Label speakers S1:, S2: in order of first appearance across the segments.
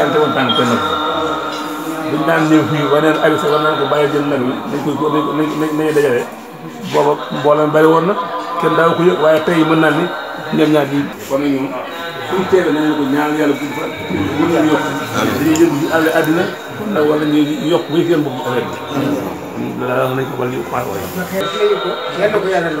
S1: maa ngi tegoon tànk te nag buñ daan ñëw fii waneen abi sa war naan ko bàyyi jël nag bi nañu dajale booba mboolem bari woon na kenn daaw ko yëg waaye tey mën naa ni ñoom ñaar di kon àddina wala ñu yokk bu ñu bi wax nañ ko wala ñu xaar ko yàlla ko yàlla ko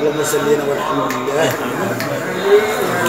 S1: اللهم صلينا والحمد لله